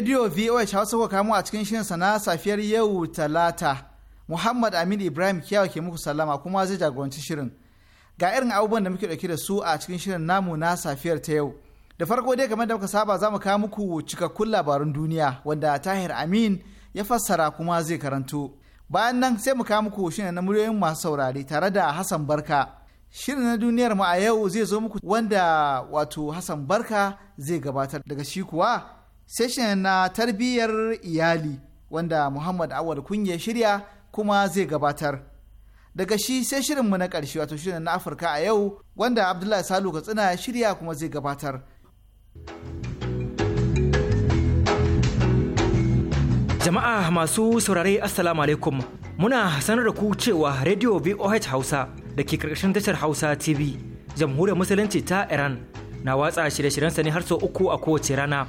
Radio VOH Hausa kuka kamo a cikin shirin sana safiyar yau Talata. Muhammad Aminu Ibrahim Kiyawa ke muku sallama kuma zai jagoranci shirin. Ga irin abubuwan da muke ɗauke da su a cikin shirin namu na safiyar ta yau. Da farko dai kamar da muka saba za mu kawo muku cikakkun labarun duniya wanda Tahir Amin ya fassara kuma zai karanto. Bayan nan sai mu kawo muku shirin na muryoyin masu saurare tare da Hassan Barka. Shirin na duniyar mu a yau zai zo muku wanda wato Hassan Barka zai gabatar daga shi kuwa session na tarbiyyar iyali wanda Muhammad Awar Kunya shirya kuma zai gabatar. Daga shi sai shirinmu na ƙarshe wato shirin na Afirka a yau wanda Abdullahi Salu Katsina shirya kuma zai gabatar. Jama'a masu saurare Assalamu alaikum muna sanar da ku cewa Radio VOH Hausa da ke ƙarƙashin tashar Hausa TV jamhuriyar musulunci ta Iran na watsa shirye-shiryensa ne har sau uku a kowace rana.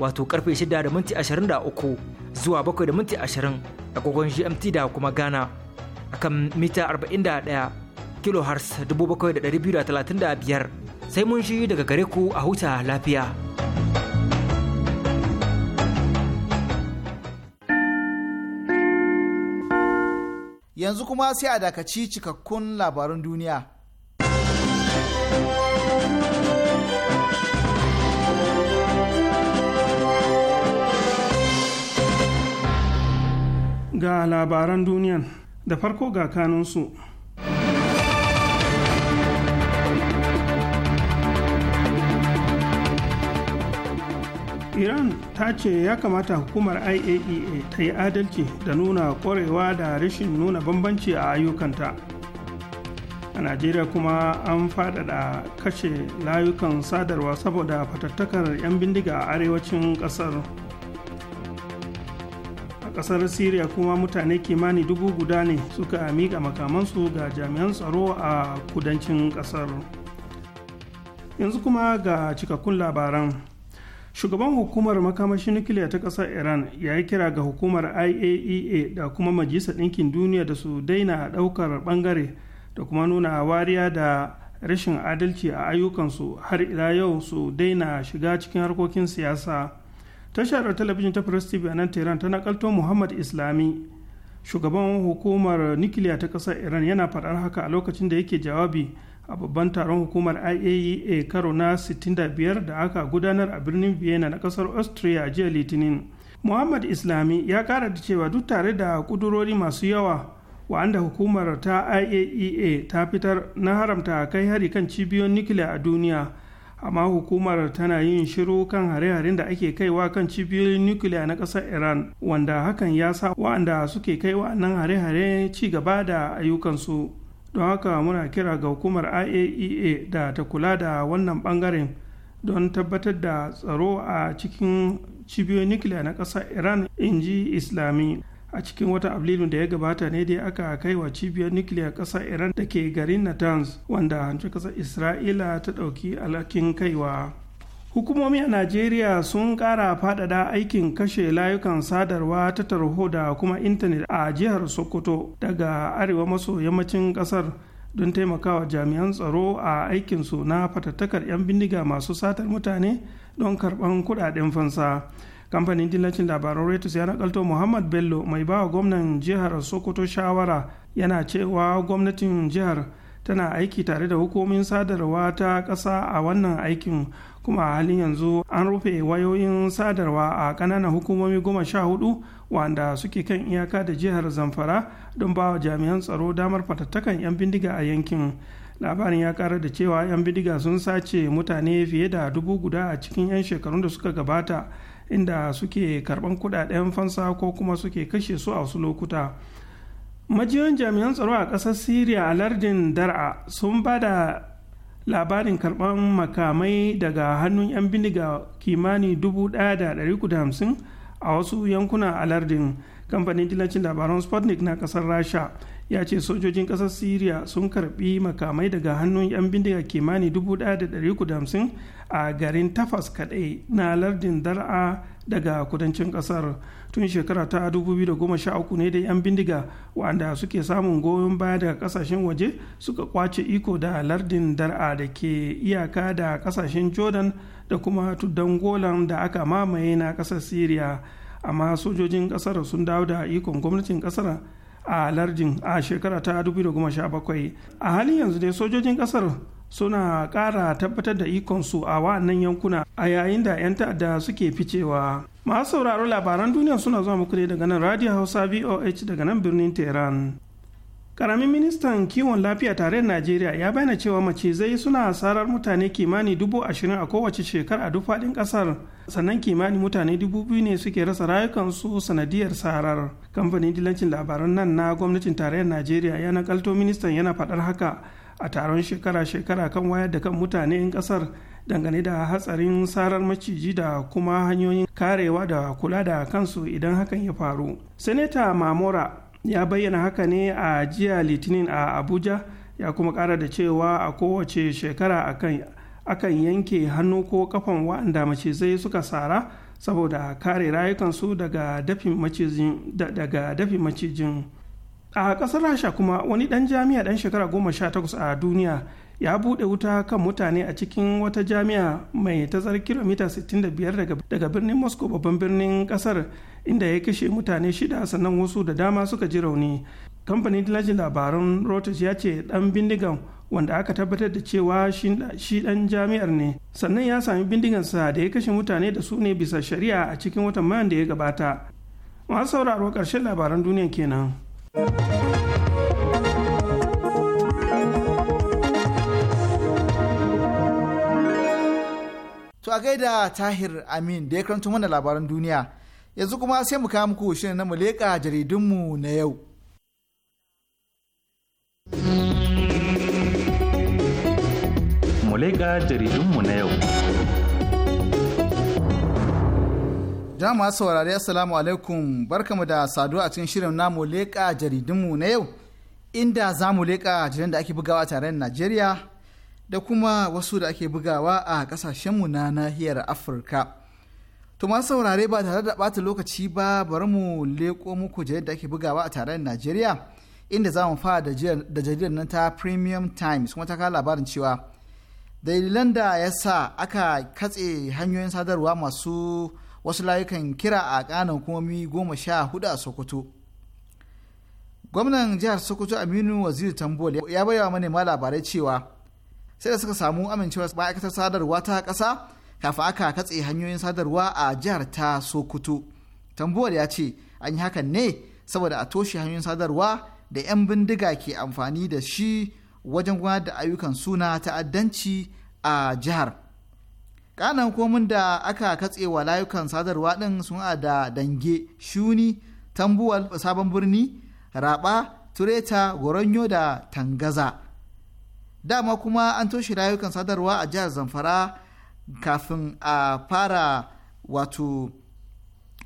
wato karfe 6:23 zuwa 7:20 da minti agogon GMT da kuma Ghana kan mita 41 kilohertz 7,235 sai mun shi daga gare ku a huta lafiya. Yanzu kuma sai a dakaci cikakkun labarun duniya. ga labaran duniyan da farko ga kanunsu iran ta ce ya kamata hukumar iaea e ta yi adalci da nuna ƙwarewa da rashin nuna bambanci a ayyukanta a najeriya kuma an faɗaɗa kashe layukan sadarwa saboda fatattakar 'yan bindiga a arewacin ƙasar. kasar syria kuma mutane kimani dubu guda ne suka miƙa makamansu ga jami'an tsaro a kudancin kasar yanzu kuma ga cikakkun labaran shugaban hukumar makamashin nukiliya ta kasar iran ya yi kira ga hukumar iaea e da kuma majalisar ɗinkin duniya da su daina ɗaukar ɓangare da kuma nuna wariya da rashin adalci a ayyukansu har ila yau su daina shiga cikin harkokin siyasa tashar talabijin ta press tv a nan tehran ta nakalto muhammad islami shugaban hukumar nukiliya ta kasar iran yana faɗar haka a lokacin da yake jawabi a babban taron hukumar iaea e karo na 65 da aka gudanar a birnin vienna na kasar austria a jiya litinin muhammad islami ya kara da cewa duk tare da kudurori masu yawa wa'anda hukumar ta iaea e ta fitar na haramta kai hari kan cibiyoyin nukiliya a duniya amma hukumar tana yin shiru kan hare-haren da ake kaiwa kan cibiyoyin nukiliya na ƙasar iran wanda hakan ya sa wa'anda suke kai wa'annan hare-hare ci gaba da ayyukansu don haka muna kira ga hukumar iaea e da ta kula da wannan bangaren don tabbatar da tsaro a cikin cibiyoyin nukiliya na ƙasar iran in ji islami a cikin watan afrilun da ya gabata ne dai aka kai wa cibiyar nukiliyar ƙasa iran da ke garin natanz wanda hancin ƙasa isra'ila ta ɗauki al'akin kaiwa hukumomi a najeriya sun ƙara faɗaɗa aikin kashe layukan sadarwa ta tarho da kuma intanet a jihar sokoto daga arewa maso yammacin ƙasar don taimakawa jami'an tsaro a aikinsu na fatattakar 'yan bindiga masu satar mutane don karɓan kuɗaɗen fansa. kamfanin dillacin labaran reuters ya nakalto muhammad bello mai bawa gwamnan jihar sokoto shawara yana cewa gwamnatin jihar tana aiki tare da hukumin sadarwa ta ƙasa a wannan aikin kuma a halin yanzu an rufe wayoyin sadarwa a ƙananan hukumomi goma sha hudu wanda suke kan iyaka da jihar zamfara don ba wa jami'an tsaro damar fatattakan 'yan bindiga a yankin labarin ya kara da cewa 'yan bindiga sun sace mutane fiye da dubu guda a cikin 'yan shekarun da suka gabata inda suke karban kudaden fansa ko kuma suke kashe su a wasu lokuta majiyoyin jami'an tsaro a ƙasar syria a lardin dar'a sun ba da labarin karban makamai daga hannun 'yan bindiga kimani 1,150 a wasu yankuna a lardin kamfanin dillacin labaran sputnik na ƙasar rasha ya ce sojojin ƙasar syria sun karbi makamai daga hannun 'yan bindiga kimani 1,350 a garin tafas kadai na lardin dar'a daga kudancin ƙasar tun shekara ta 2013 ne da 'yan bindiga wanda suke samun goyon baya daga kasashen waje suka kwace iko da lardin dar'a da ke iyaka da kasashen jordan da kuma tuddan golan da aka mamaye na ƙasar syria amma sojojin ƙasar sun dawo da ikon gwamnatin ƙasar a lardin a shekara ta 2017 a halin yanzu dai sojojin kasar suna kara tabbatar da ikonsu a wa'annan yankuna a yayin da 'yan ta'adda suke ficewa masu sauraro labaran duniya suna zuwa muku daga nan radio hausa voh daga nan birnin tehran karamin ministan kiwon lafiya tare da najeriya ya bayyana cewa macizai suna sarar mutane kimani dubu ashirin a kowace shekara a duk faɗin ƙasar sannan kimani mutane dubu biyu ne suke rasa rayukansu sanadiyar sarar kamfanin dilancin labaran nan na gwamnatin tarayyar najeriya ya kalto ministan yana faɗar haka a taron shekara-shekara kan wayar da kan mutane 'yan ƙasar dangane da hatsarin sarar maciji da kuma hanyoyin karewa da kula da kansu idan hakan ya faru. Seneta Mamora ya bayyana haka ne a jiya litinin a abuja ya kuma kara da cewa a kowace shekara akan yanke hannu ko kafan wa'anda macizai suka sara saboda kare rayukansu daga dafin macijin a ƙasar rasha kuma wani ɗan jami'a ɗan shekara goma sha takwas a duniya ya buɗe wuta kan mutane a cikin wata jami'a mai tazar kilomita 65 daga birnin moscow babban birnin kasar inda ya kashe mutane shida sannan wasu da dama suka ji rauni kamfanin dilajin labaran reuters ya ce dan bindigan wanda aka tabbatar da cewa shi dan jami'ar ne sannan ya sami bindigansa da ya kashe mutane da su ne bisa shari'a a cikin watan mayan da ya gabata masu sauraro ƙarshen labaran duniya kenan. To a gaida Tahir Amin da ya karanto mana labaran duniya. Yanzu kuma sai mu kawo muku shirin na muleka jaridunmu na yau. Muleka jaridunmu na yau. Jama'a saurari Assalamu alaikum barkamu da saduwa a cikin shirin na muleka jaridunmu na yau. Inda za mu leƙa jaridan da ake bugawa tare da Najeriya da kuma wasu da ake bugawa a kasashenmu na nahiyar afirka to ma saurare ba tare da bata lokaci ba bari mu leko muku jaridar da ake bugawa a tarayyar najeriya inda za mu fara da jaridar nan ta premium times kuma ta kawo labarin cewa dalilan da ya sa aka katse hanyoyin sadarwa masu wasu layukan kira a kanan hukumomi goma sha hudu a sokoto gwamnan jihar sokoto aminu waziri tambol ya bayyana manema labarai cewa sai da suka samu amincewar ma'aikatar sadarwa ta ƙasa kafin aka katse hanyoyin sadarwa a jihar ta sokoto tambuwar ya ce an yi hakan ne saboda a toshe hanyoyin sadarwa da 'yan bindiga ke amfani da shi wajen gudanar da ayyukan suna ta'addanci a jihar kanan komin da aka katse wa layukan sadarwa ɗin sun da dange shuni tambuwal sabon birni raba tureta goronyo da tangaza dama kuma an toshe rayukan sadarwa a jihar zamfara kafin a fara wato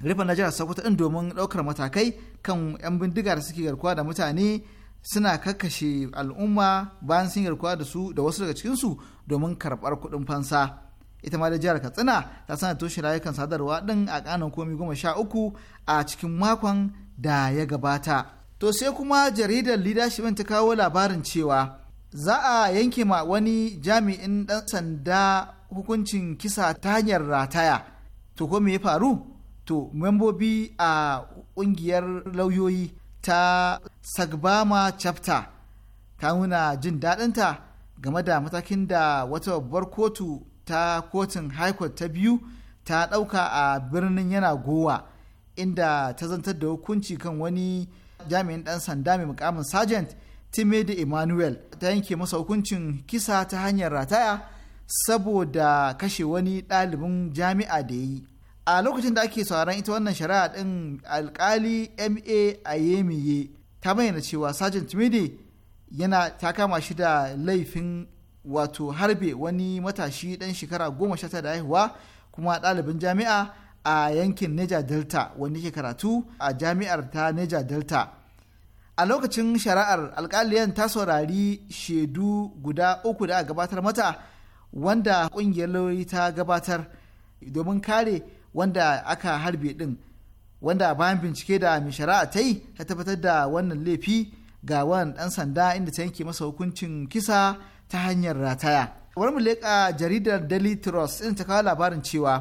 rufe na jihar sokoto ɗin domin ɗaukar matakai kan 'yan bindiga da suke garkuwa da mutane suna kakkashe al'umma bayan sun garkuwa da su da wasu daga cikinsu domin karɓar kuɗin fansa ita ma da jihar katsina ta sana toshe rayukan sadarwa ɗin a ƙanan komi goma sha uku a cikin makon da ya gabata to sai kuma jaridar leadership ta kawo labarin cewa za a yanke ma wani jami'in ɗan sanda hukuncin kisa ta hanyar rataya to ko me ya faru to membobi a ƙungiyar lauyoyi ta sagbama chapter ta nuna jin daɗinta game da matakin da wata babbar kotu ta kotun high court ta biyu ta ɗauka a birnin yana gowa inda ta zantar da hukunci kan wani jami'in ɗan sanda mai mukamin sergeant timedi emmanuel ta yanke masa hukuncin kisa ta hanyar rataya saboda kashe wani ɗalibin jami'a da yi a lokacin da ake sauran ita wannan shari'a ɗin alkali ma a ayemiye ta bayyana cewa sergeant timedi yana ta kama shi da laifin wato harbe wani matashi ɗan shekara goma sha da haihuwa kuma ɗalibin jami'a a yankin neja Delta wanda ke karatu a jami'ar ta neja Delta a lokacin shari'ar alkaliyan ta saurari shaidu guda uku da a gabatar mata wanda kungiyar ta gabatar domin kare wanda aka harbe din wanda bayan bincike da mai shari'a ta yi ta tabbatar da wannan laifi ga wannan dan sanda inda ta yanke masa hukuncin kisa ta hanyar rataya wani mu leƙa jaridar daily trust in ta kawo labarin cewa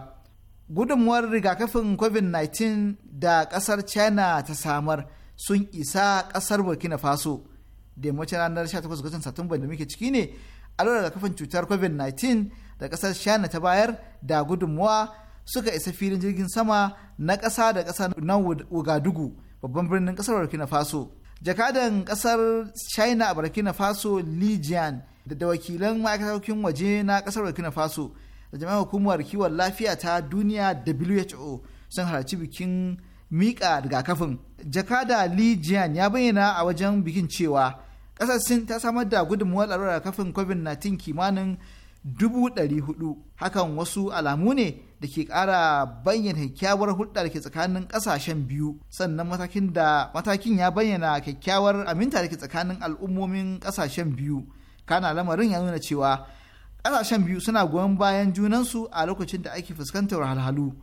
gudunmuwar rigakafin covid-19 da ƙasar china ta samar sun isa kasar burkina faso da mace ranar 18 ga satumba da muke ciki ne a lura da kafin cutar covid-19 da kasar shana ta bayar da gudunmuwa suka isa filin jirgin sama na kasa da kasa na ugadugu babban birnin kasar burkina faso jakadan kasar china a burkina faso lijian da wakilan ma'aikatokin waje na kasar burkina faso da jami'an hukumar kiwon lafiya ta duniya who sun halarci bikin mika rigakafin jakada Li Jian ya bayyana a wajen bikin cewa ƙasar Sin ta samar da gudunmuwar allurar kafin COVID-19 kimanin dubu ɗari hudu hakan wasu alamu ne da ke ƙara bayyana kyakkyawar hulɗa da ke tsakanin ƙasashen biyu sannan matakin da matakin ya bayyana kyakkyawar aminta da ke tsakanin al'ummomin ƙasashen biyu kana lamarin ya nuna cewa ƙasashen biyu suna goyon bayan junansu a lokacin da ake fuskantar halhalu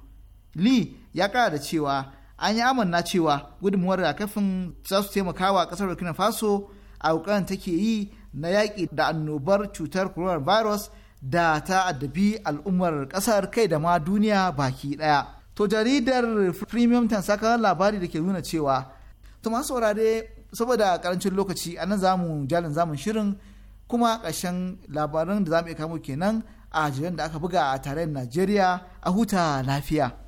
li ya ƙara da cewa an yi amanna cewa gudunmuwar rigakafin za su taimaka wa kasar burkina faso a kokarin take yi na yaƙi da annobar cutar coronavirus da ta addabi al'ummar kasar kai da ma duniya baki ɗaya. to jaridar premium tan sakamakon labari da ke nuna cewa to masu saurare saboda karancin lokaci a nan zamu jalin zamun shirin kuma ƙarshen labaran da zamu iya kamo kenan a jiran da aka buga a tarayyar najeriya a huta lafiya.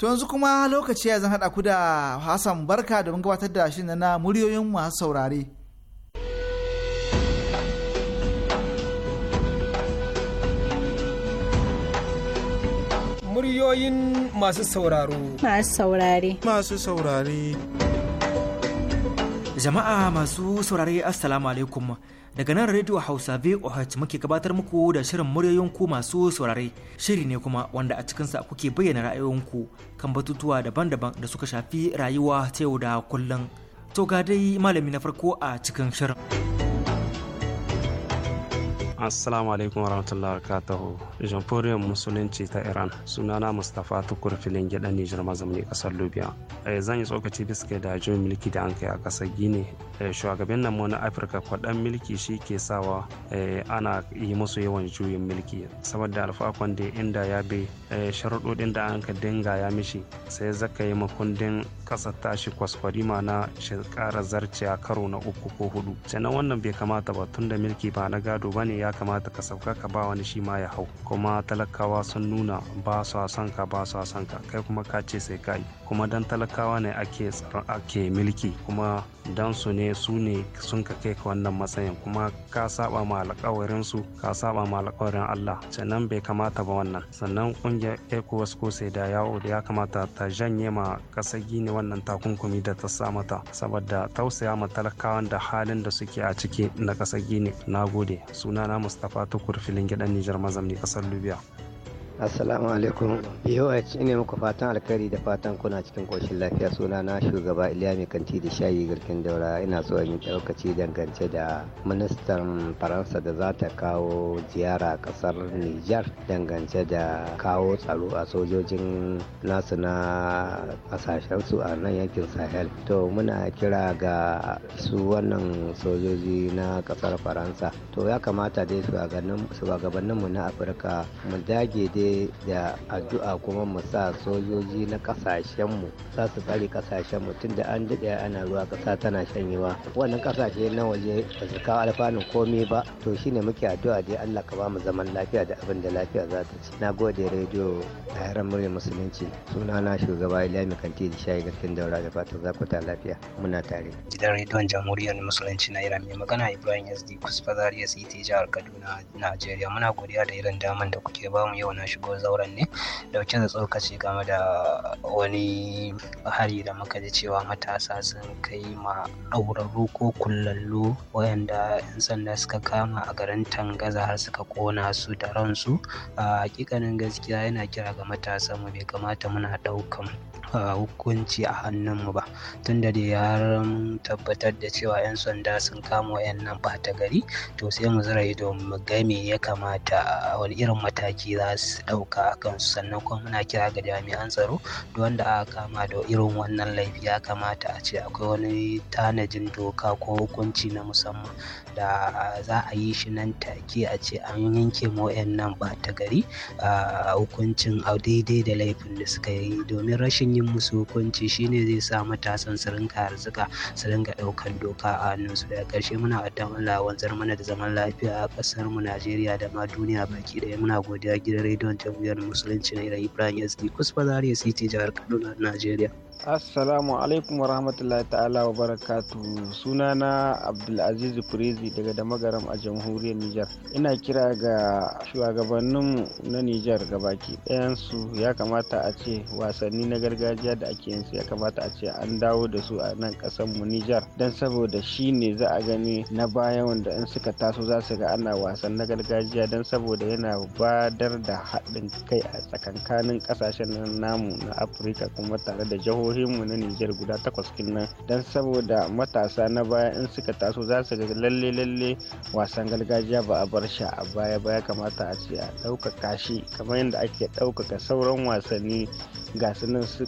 To yanzu kuma lokaci ya zan haɗa ku da Hassan Barka domin gabatar da shi na muryoyin masu saurare. Muryoyin masu sauraro. Masu saurare. Masu saurare. Jama'a masu saurare Assalamu alaikum daga nan Radio Hausa VOH muke gabatar muku da shirin muryoyin ku masu saurare shiri ne kuma wanda a cikinsa kuke bayyana ra'ayoyinku kan batutuwa daban-daban da suka shafi rayuwa ta yau da kullum. To ga dai malami na farko a cikin shirin. assalamu alaikum warahmatullahi wabarakatuhu jamhuriyar musulunci ta iran sunana mustapha tukur filin gidan nijar zamani, kasar libya eh, zan yi tsokaci biske da jin mulki da an kai a kasar gini eh, shugaban nan na afirka kwaɗan milki shi ke sawa eh, ana yi musu yawan juyin mulki saboda alfakon da inda ya bi sharuɗoɗin da an ka dinga ya mishi sai zaka yi makundin ƙasar tashi kwaskwarima na shi shekara zarciya karo na uku ko hudu sannan wannan bai kamata ba tun da mulki ba na gado ba ne ya kamata ka sauka ka ba wani shi ma ya hau kuma talakawa sun nuna ba su son ka ba su son ka kai kuma ka ce sai ka yi kuma dan talakawa ne ake tsaron ake milki kuma dan su ne su ne sun ka kai ka wannan matsayin kuma ka saba ma alƙawarin su ka saba ma alƙawarin Allah sannan bai kamata ba wannan sannan kungiyar ECOWAS ko sai da yawo da ya kamata ta janye ma kasagi Gini wannan takunkumi da ta sa mata saboda tausaya ma talakawan da halin da suke a ciki na kasar Gini nagode sunana mustapha tukur filin gidan nijar mazamni ƙasar libya Assalamu alaikum. BOH ne muku fatan alkhairi da fatan kuna cikin koshin lafiya suna na shugaba Iliya mai kanti da shayi garkin daura ina so in ɗaukaci dangance da ministan Faransa da za ta kawo ziyara kasar Nijar dangance da kawo tsaro a sojojin nasu na kasashen su a nan yankin Sahel. To muna kira ga su wannan sojoji na kasar Faransa. To ya kamata dai shugabanninmu na Afirka mu dage dai da addu'a kuma mu sa sojoji na kasashenmu za su tsare kasashenmu tun da an daɗe ana ruwa ƙasa tana shanyewa wannan kasashe na waje ba su kawo alfanun komai ba to shine muke addu'a dai Allah ka ba mu zaman lafiya da abin da lafiya za ta ci na gode rediyo a yaran murya musulunci suna na shugaba ilami kanti da shayi daura da fatan za ku ta lafiya muna tare gidan rediyon jamhuriyar musulunci na iran mai magana ibrahim sd kusfa zariya siti jihar kaduna najeriya muna godiya da irin daman da kuke bamu yau na shi shigo zauren ne dauke da tsokaci game da wani hari da muka ji cewa matasa sun kai ma ɗaurarru ko kullallu wayanda 'yan sanda suka kama a garin tangaza har suka kona su da ransu a hakikanin gaskiya yana kira ga mu bai kamata muna ɗaukan hukunci a hannun mu ba tunda da ya tabbatar da cewa 'yan sanda sun kama wayannan ɓata gari to sai mu zira ido mu ga me ya kamata wani irin mataki za su ɗauka a kansu sannan kuma muna kira ga jami'an tsaro da wanda aka kama da irin wannan laifi ya kamata a ce akwai wani tanajin doka ko hukunci na musamman da za a yi shi nan take a ce an yanke ma wayannan ɓata gari a hukuncin a daidai da laifin da suka yi domin rashin yi. yin musu hukunci shine zai sa matasan su rinka harzuka su rinka ɗaukar doka a hannunsu daga ƙarshe muna addan Allah wanzar mana da zaman lafiya a ƙasar mu Najeriya da ma duniya baki ɗaya muna godiya gidan rediyon jamhuriyar musulunci na Ibrahim SD Kusfa Zaria City jihar Kaduna Najeriya. assalamu alaikum wa rahmatullahi ta'ala wa barakatu suna na abdulaziz firizi daga da a jamhuriyar nijar ina kira ga shugabanninmu na nijar gabaki ɗayansu ya kamata a ce wasanni na gargajiya da ake yin ya kamata a ce an dawo da su a nan mu nijar don saboda shi ne za a gani na baya wanda in suka taso za su ga ana wasan na gargajiya don saboda yana badar da haɗin kai a tsakankanin ƙasashen namu na afirka kuma tare da jihohi jihohinmu na Nijar guda takwas kinnan don saboda matasa na baya in suka taso za su ga lalle lalle wasan gargajiya ba a bar shi a baya ba ya kamata a ce a ɗaukaka shi kamar yadda ake ɗaukaka sauran wasanni ga su nan su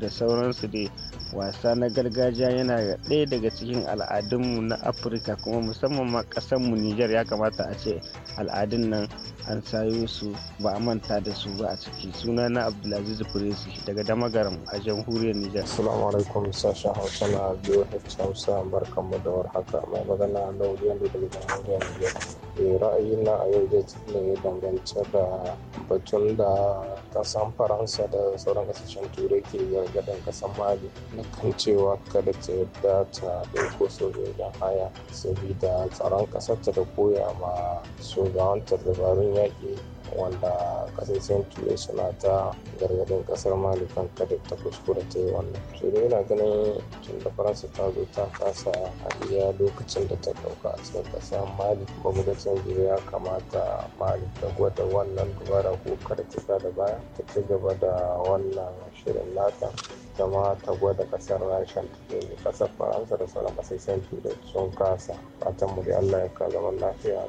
da sauransu dai wasa na gargajiya yana ɗaya daga cikin al'adunmu na afirka kuma musamman ma ƙasarmu nijar ya kamata a ce al'adun nan an sayo su ba a manta da su ba a ciki suna na abdulaziz firisi daga damagaram a jamhuriyar niger. assalamu alaikum sashi hausa na biyu hausa barkan mu da warhaka mai magana na wuri da daga jamhuriyar nijar eh, na a yau zai ne dangance da batun da kasan faransa da sauran kasashen turai ke gargaɗin kasan mali kan cewa kada ta yadda ta ɗauko sojojin haya sabida tsaron ƙasarta da koya ma shugabanta dabarun yaƙi wanda kasashen turai suna ta gargadin kasar mali kan kada ta kuskure ta yi wannan su dai yana ganin tun da faransa ta zo ta kasa a lokacin da ta dauka a cikin kasar mali ba mu da canji ya kamata mali ta gwada wannan dubara ko kada ta da baya ta ci gaba da wannan shirin nata zama ta gwada kasar rashin da kasar faransa da sauran kasashen turai sun kasa fatan mu da allah ya ka zaman lafiya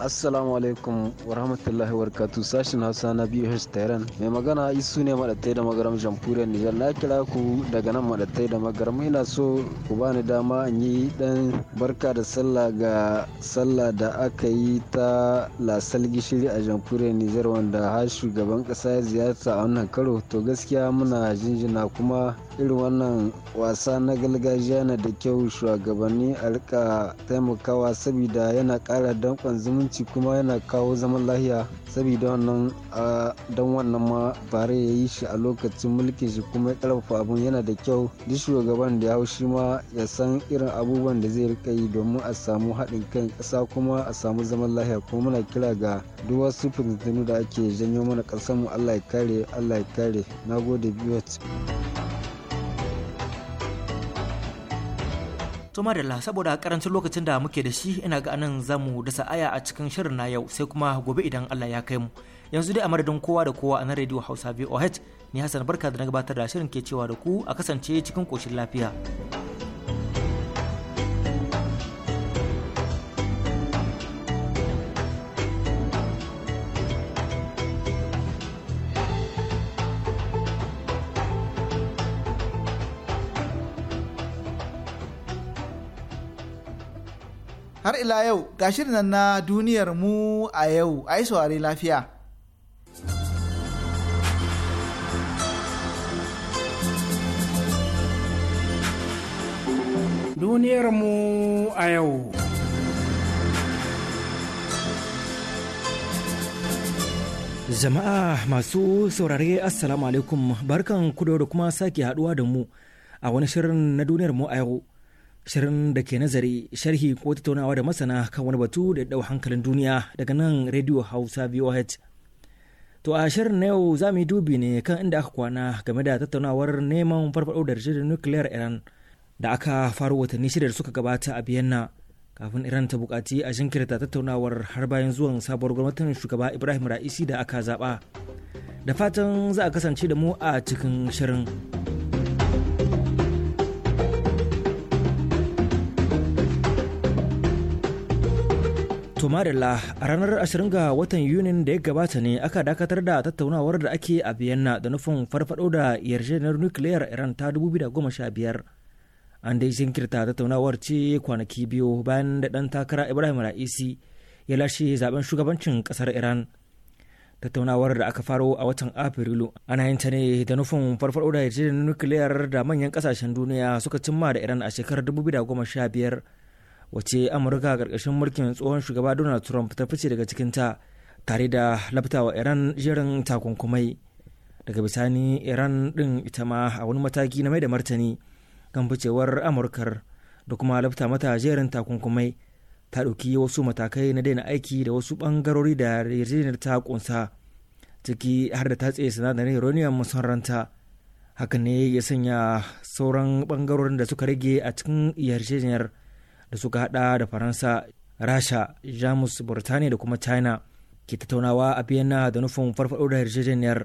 assalamu alaikum wa rahmatullahi wa barakatu sashen hausa na bh tehran mai magana isu ne madattai da magaram jamhuriyar nijar na kira ku daga nan madattai da magaram ina so ku bani dama in yi dan barka da sallah ga sallah da aka yi ta lasal gishiri a jamhuriyar nijar wanda har shugaban kasa ya ziyarta a wannan karo to gaskiya muna jinjina kuma irin wannan wasa na gargajiya na da kyau shugabanni a rika taimakawa saboda yana kara dankon zumunci kuma yana kawo zaman lahiya saboda wannan dan wannan ma bare ya yi shi a lokacin mulkin shi kuma ya karfafa abun yana da kyau duk shugaban da ya hau shi ma ya san irin abubuwan da zai rika yi domin a samu haɗin kan ƙasa kuma a samu zaman lahiya kuma muna kira ga duk wasu fitintunu da ake janyo mana ƙasar mu Allah ya kare Allah ya kare nagode biyu To madalla saboda karancin lokacin da muke da shi ina ga anan zamu dasa aya a cikin shirin na yau sai kuma gobe idan Allah ya kai mu. Yanzu dai a madadin kowa da kowa a nan Radio Hausa VOH ni Hassan Barka da na gabatar da shirin ke cewa da ku a kasance cikin koshin lafiya. har ila yau ga shirin na duniyar mu a yau a yi saurari lafiya. Duniyar mu a yau. Jama'a masu saurare Assalamu alaikum barkan kudo da kuma sake haduwa da mu a wani shirin na duniyar mu a yau. shirin da ke nazari sharhi ko tattaunawa da masana kan wani batu da dau hankalin duniya daga nan radio hausa voh to a shirin na yau za mu yi dubi ne kan inda aka kwana game da tattaunawar neman farfaɗo da shirin nukiliyar iran da aka faru watanni shida da suka gabata a biyanna kafin iran ta bukaci a jinkirta tattaunawar har bayan zuwan sabuwar gwamnatin shugaba ibrahim ra'isi da aka zaba da fatan za a kasance da mu a cikin shirin. To Marilla, a ranar 20 ga watan Yunin da ya gabata ne aka dakatar da tattaunawar da ake a Vienna da nufin farfado da yarjejeniyar nukiliyar Iran ta 2015. An dai jinkirta tattaunawar ce kwanaki biyu bayan da ɗan takara Ibrahim Ra'isi ya lashe zaben shugabancin ƙasar Iran. Tattaunawar da aka faro a watan Afrilu ana yin ta ne da nufin farfado da yarjejeniyar nukiliyar da manyan ƙasashen duniya suka cimma da Iran a shekarar 2015 wace amurka a ƙarƙashin mulkin tsohon shugaba donald trump ta fice daga ta tare da laftawa iran jerin takunkumai daga bisani iran din ita ma a wani mataki na mai da martani kan ficewar amurkar da kuma lafta mata jerin takunkumai ta ɗauki wasu matakai na daina aiki da wasu ɓangarori da yarjejeniyar ta ƙunsa ciki har da tatse sinadarin uranium sun ranta hakan ne ya sanya sauran ɓangarorin da suka rage a cikin yarjejeniyar da suka hada da faransa rasha jamus burtaniya da kuma china ke tattaunawa a vienna da nufin farfado da yarjejeniyar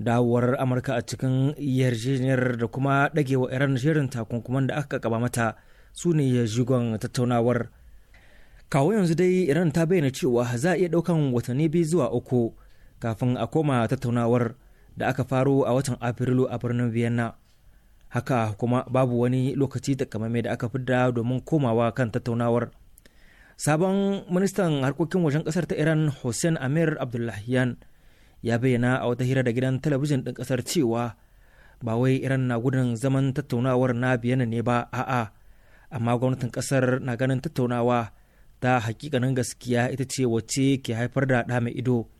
dawowar amurka a cikin yarjejeniyar da kuma dagewa iran shirin takunkuman da aka kaba mata su ne jigon tattaunawar kawo yanzu dai iran ta bayyana cewa za a iya daukan watanni biyu zuwa uku kafin a koma tattaunawar da aka faro a watan afrilu a birnin vienna haka kuma babu wani lokaci takamaimai da aka fidda domin komawa kan tattaunawar sabon ministan harkokin wajen kasar ta iran hussein amir abdullahiyan ya bayyana a wata hira da gidan talabijin ɗin kasar cewa ba wai iran na gudun zaman tattaunawar na biyana ne ba a'a amma gwamnatin kasar na ganin tattaunawa ta hakikanin gaskiya ita ce wacce ke haifar da ɗa mai ido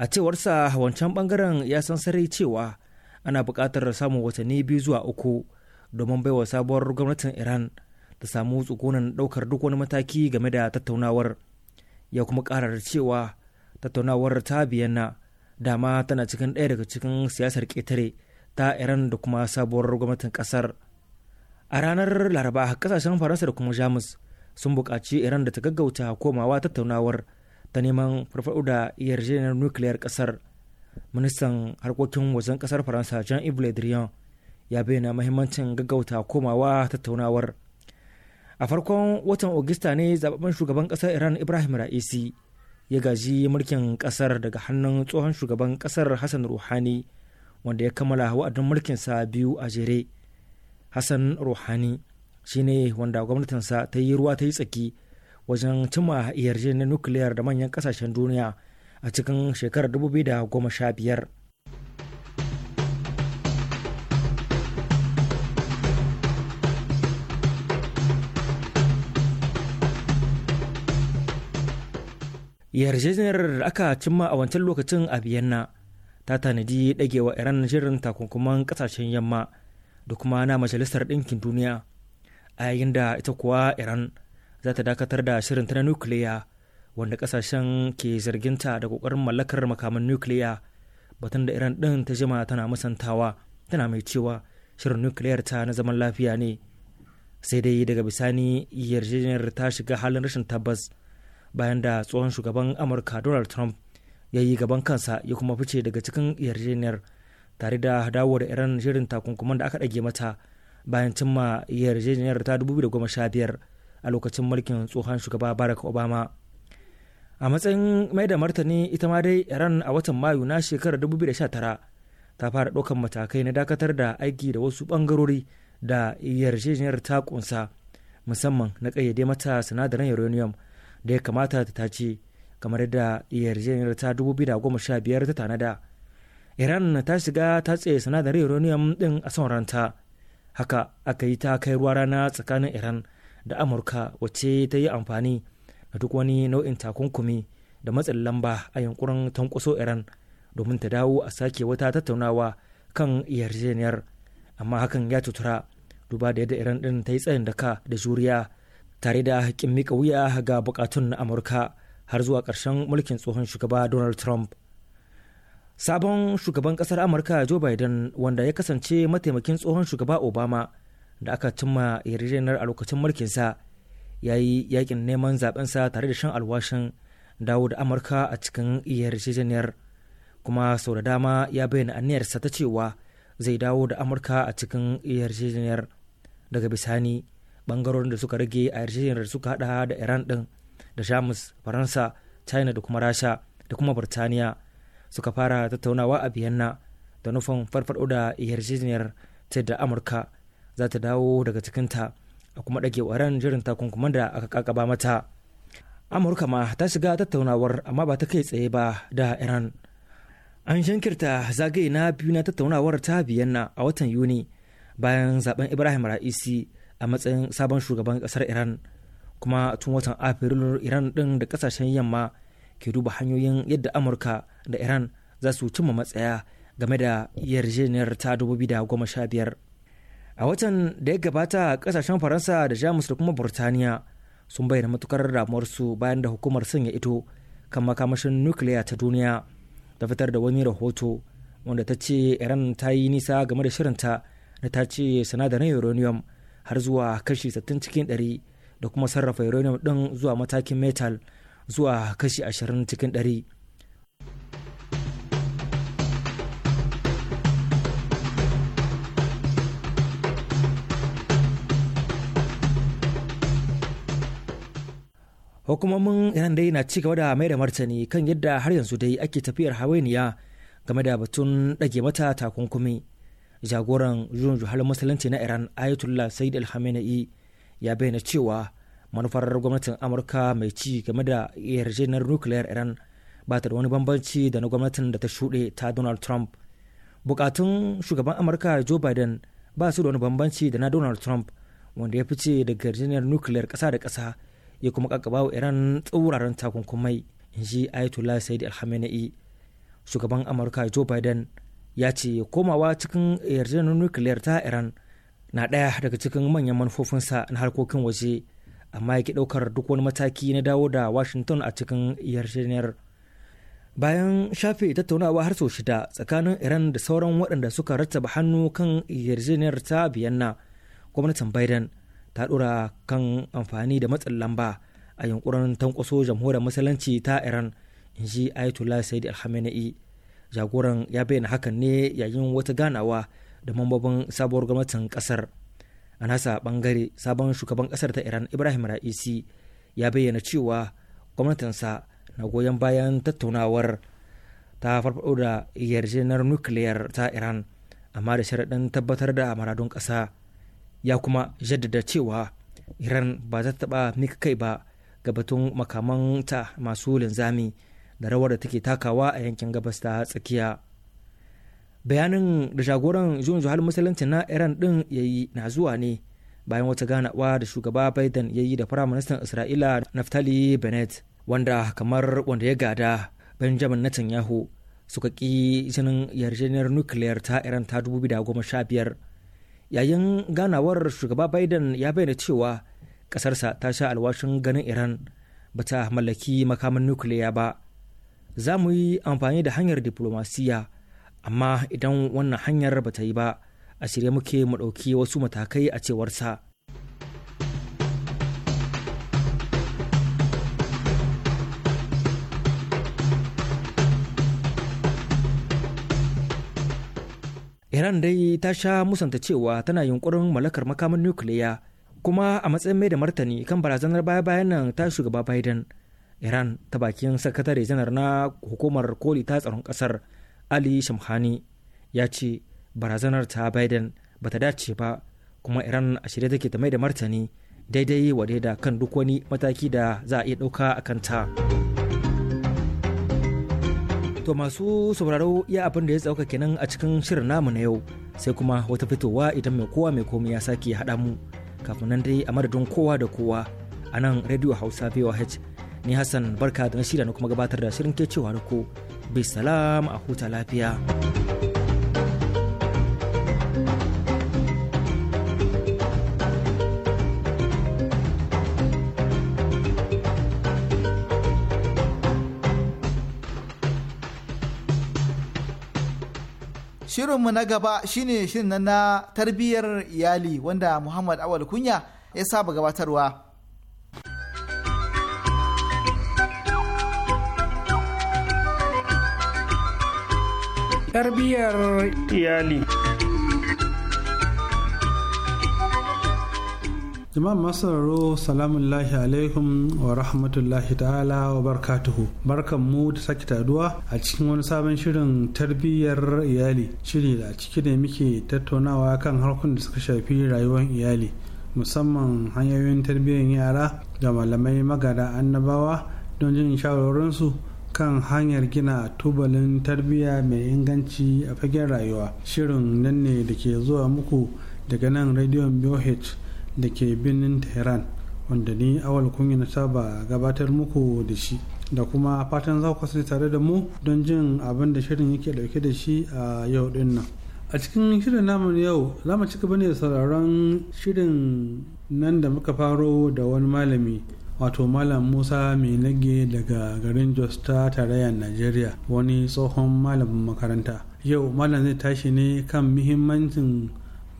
a cewarsa wancan bangaren ya san sarai cewa ana buƙatar samun watanni biyu zuwa uku domin baiwa sabuwar gwamnatin iran ta samu tsukunan ɗaukar duk wani mataki game da tattaunawar ya kuma ƙara da cewa tattaunawar ta biyanna dama tana cikin ɗaya daga cikin siyasar ƙetare ta iran da kuma sabuwar gwamnatin ƙasar a ranar laraba ƙasashen faransa da kuma jamus sun buƙaci iran da ta gaggauta komawa tattaunawar ta neman farfaɗo da yarjejeniyar nukiliyar ƙasar ministan harkokin wajen kasar faransa jean yves le drian ya bayyana mahimmancin gaggauta komawa tattaunawar a farkon watan ogista ne zababben shugaban kasar iran ibrahim ra'isi ya gaji mulkin kasar daga hannun tsohon shugaban kasar hassan ruhani wanda ya kammala wa'adin sa biyu a jere hassan ruhani shine wanda gwamnatinsa ta yi ruwa ta yi tsaki wajen cimma yarjejeniyar nukiliyar da manyan kasashen duniya a cikin shekarar 2015 yarjejeniyar da aka cimma a wancan lokacin a biyanna ta tanadi dagewa iran shirin takunkuman kasashen yamma da kuma na majalisar ɗinkin duniya a yayin da ita kuwa iran za ta dakatar da shirin ta na nukiliya wanda kasashen ke zarginta da kokarin mallakar makaman nukiliya batun da iran din ta jima tana musantawa tana mai cewa shirin nukiliyar ta na zaman lafiya ne sai dai daga bisani yarjejeniyar ta shiga halin rashin tabbas bayan da tsohon shugaban amurka donald trump ya yi gaban kansa ya kuma fice daga cikin yarjejeniyar tare da da iran shirin takunkuman da aka ɗage mata bayan cimma yarjejeniyar ta 2015 a lokacin mulkin tsohon shugaba barack obama a matsayin mai da martani ita ma dai iran a watan mayu na shekarar 2019 ta fara ɗaukar matakai na dakatar da aiki da wasu ɓangarori da yarjejeniyar ta kunsa musamman na ƙayyade mata sinadaran uranium da ya kamata ta tace kamar yadda yarjejeniyar ta biyar ta tanada iran ta shiga ta tsaye sinadarin uranium din a son ranta haka aka yi ta kai ruwa rana tsakanin iran da amurka wacce ta yi amfani da duk wani nau'in takunkumi da matsin lamba a yankunan tankwaso iran domin ta dawo a sake wata tattaunawa kan yarjejeniyar amma hakan ya tutura duba da yadda iran din ta yi tsayin daka da juriya tare da hakin mika wuya ga bukatun na amurka har zuwa ƙarshen mulkin tsohon shugaba donald trump sabon shugaban ƙasar amurka joe biden wanda ya kasance mataimakin tsohon shugaba obama da aka cimma yarjejeniyar a lokacin mulkinsa ya yi yakin neman zaɓensa tare da shan alwashin dawo da amurka a cikin shijiniyar kuma sau da dama ya bayyana aniyarsa ta cewa zai dawo da amurka a cikin shijiniyar daga bisani bangarorin da suka rage a yarjejeniyar suka haɗa da iran ɗin da jamus faransa china da kuma rasha da kuma birtaniya suka fara tattaunawa a biyanna da nufin farfado da yarjejeniyar ta da amurka za ta dawo daga cikinta da kuma ɗage waran jirin takunkuman da aka kakaba mata amurka ma ta shiga tattaunawar amma ba ta kai tsaye ba da iran an shankirta zagaye na biyu na tattaunawar ta biyanna a watan yuni bayan zaben ibrahim ra'isi a matsayin sabon shugaban kasar iran kuma tun watan afrilu iran din da kasashen yamma ke duba hanyoyin yadda amurka da iran za su cimma matsaya game da yarjejeniyar ta 2015 a watan da ya gabata kasashen faransa da jamus da kuma burtaniya sun bayyana matukar damuwarsu bayan da hukumar sanya ito kan makamashin nukiliya ta duniya da fitar da wani rahoto wanda ta ce iran ta yi nisa game da shirinta da ta ce sinadarin uranium har zuwa kashi 60 cikin 100 da kuma sarrafa uranium din zuwa matakin metal zuwa kashi 20 cikin 100 hukumomin iran dai na ci gaba da mai da martani kan yadda har yanzu dai ake tafiyar hawainiya game da batun ɗage mata takunkumi jagoran juyin juhar musulunci na iran ayatollah said al ya bayyana cewa manufar gwamnatin amurka mai ci game da yarjejeniyar nukiliyar iran ba ta da wani bambanci da na gwamnatin da ta shuɗe ta donald trump bukatun shugaban amurka joe biden ba su da wani bambanci da na donald trump wanda ya fice daga yarjejeniyar nukiliyar ƙasa da ƙasa ya kuma kakaba wa iran tsauraran takunkumai in ji ayatollah sayyid al shugaban amurka joe biden ya ce komawa cikin yarjejeniyar nukiliyar ta iran na ɗaya daga cikin manyan manufofinsa na harkokin waje amma ya ke ɗaukar duk wani mataki na dawo da washington a cikin yarjejeniyar bayan shafe tattaunawa har sau shida tsakanin iran da sauran waɗanda suka rattaba hannu kan yarjejeniyar ta biyanna gwamnatin biden ta ɗora kan amfani da matsin lamba a yunkurin tankwaso jamhuriyar musulunci ta iran in ji ayatollah sayyid alhamenei jagoran ya bayyana hakan ne yayin wata ganawa da mambobin sabuwar gwamnatin kasar a nasa bangare sabon shugaban kasar ta iran ibrahim ra'isi ya bayyana cewa gwamnatinsa na goyon bayan tattaunawar ta farfado da yarjejeniyar nukiliyar ta iran amma da sharaɗin tabbatar da maradun ƙasa ya kuma jaddada cewa iran ba za ta taba mika kai ba ga batun makamanta masu linzami da rawar da take takawa a yankin gabas ta tsakiya bayanin da jagoran juyin zuwa musulunci na iran din ya yi na zuwa ne bayan wata ganawa da shugaba biden ya yi da firaministan isra'ila naftali bennett wanda kamar wanda ya gada benjamin netanyahu suka ki jinin yarjejeniyar nukiliyar ta iran ta 2015 yayin ganawar shugaba biden ya bayyana cewa ƙasarsa ta sha alwashin ganin iran ba ta mallaki makaman nukiliya ba za mu yi amfani da hanyar diplomasiya amma idan wannan hanyar ba ta yi ba a shirye muke mu ɗauki wasu matakai a cewarsa. Iran dai ta sha musanta cewa tana yunkurin mallakar makamin nukiliya kuma a matsayin mai da martani kan barazanar baya-bayan nan ta shugaba Biden. Iran ta bakin sakatare janar na hukumar koli ta tsaron kasar Ali Shamhani ya ce barazanar ta Biden ba ta dace ba kuma Iran a shirye take ta mai da martani daidai wa da kan duk wani mataki da za a iya ɗauka a kanta. ta. To masu sauraro iya abin da ya tsauka kenan a cikin shirin namu na yau sai kuma wata fitowa idan mai kowa mai komai ya sake haɗa mu kafin nan dai a madadin kowa da kowa a nan Radio Hausa VOH ni Hassan barka da na shirya na kuma gabatar da shirin ke cewa da ku bisalam a huta lafiya. shirinmu na gaba shine shirin na tarbiyyar iyali wanda muhammad awal kunya ya saba gabatarwa tarbiyyar iyali jama'a masararo salamun lahi alaikum wa rahmatullahi ta'ala wa barkatuhu barkan mu da sake taduwa a cikin wani sabon shirin tarbiyyar iyali shiri da a ciki ne muke tattaunawa kan harkun da suka shafi rayuwar iyali musamman hanyoyin tarbiyyar yara da malamai magada annabawa don jin shawarorinsu kan hanyar gina tubalin tarbiyya mai inganci a fagen rayuwa shirin nan ne da ke zuwa muku daga nan rediyon BOH da ke birnin tehran wanda ni awal kunya na saba gabatar muku da shi da kuma fatan za ku tare da mu don jin abin da shirin yake dauke da shi a yau din nan a cikin shirin namun yau za mu ci gaba ne sauraron shirin nan da muka faro da wani malami wato malam musa mai nage daga garin jos ta tarayyar nigeria wani tsohon malamin makaranta yau malam zai tashi ne kan muhimmancin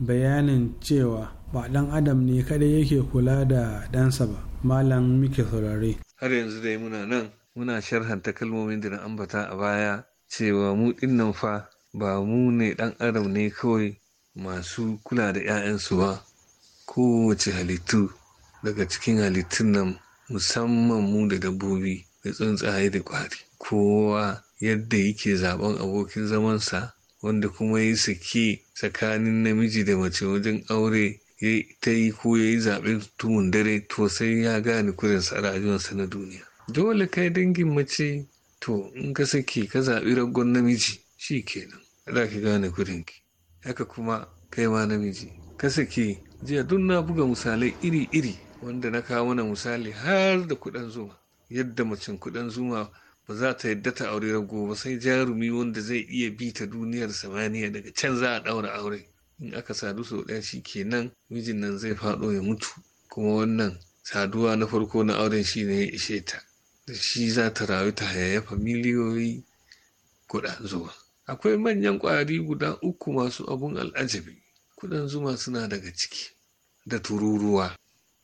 bayanin cewa ba dan adam ne kadai yake kula da ɗansa ba malam muke saurare har yanzu dai muna nan muna sharhanta kalmomin da na ambata a baya cewa mu dinnan fa ba mu ne dan adam ne kawai masu kula da 'ya'yansu ba kowace halittu daga cikin halittun nan musamman mu da dabbobi da tsuntsaye da kwari kowa yadda yake zaben abokin zamansa wanda kuma ya sake tsakanin namiji da mace wajen aure ta yi ko ya yi zaɓen tumun dare to sai ya gane kurinsa a rayuwarsa na duniya dole kai dangin mace to in ka sake ka zaɓi ragon namiji shi kenan za ka gane ki haka kuma kai ma namiji ka sake jiya duk na buga misalai iri-iri wanda na kawo mana misali har da kudin zuma yadda macen kudin zuma ba za ta yadda ta aure rago ba sai jarumi wanda zai iya bi ta duniyar samaniya daga can za a ɗaura aure in aka sadu sau ɗaya shi kenan mijin nan zai faɗo ya mutu kuma wannan saduwa na farko na auren shi ne ya ishe ta da shi za ta rayu ta hayayyafa miliyoyi kuɗan zuwa akwai manyan ƙwari guda uku masu abun al'ajabi kuɗan zuma suna daga ciki da tururuwa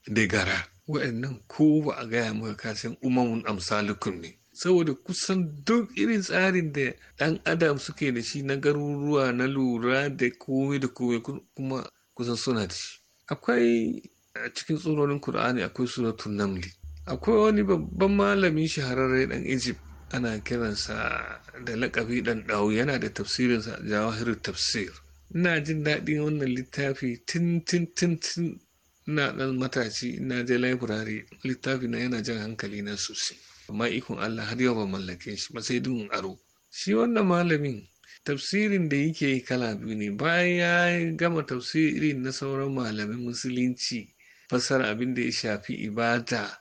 da gara waɗannan ko ba a gaya maka kasan umamun amsalukun ne saboda kusan duk irin tsarin da ɗan adam suke da shi na garuruwa na lura da komai da komai kuma kusan suna da shi akwai a cikin tsoronin Kur'ani akwai suratun namli akwai wani babban malamin shahararre dan egypt ana kiransa da lakabi ɗan ɗawu yana da tafsirinsa jawahir tafsir ina jin daɗin wannan littafi tun tun tun tun ina ɗan matashi ina je library littafi na yana jan hankali na sosai amma ikon Allah har yau ba mallake shi ba sai dun aro shi wannan malamin tafsirin da yake kala biyu ne bayan ya gama tafsirin na sauran malamin musulunci fassara abin da ya shafi ibada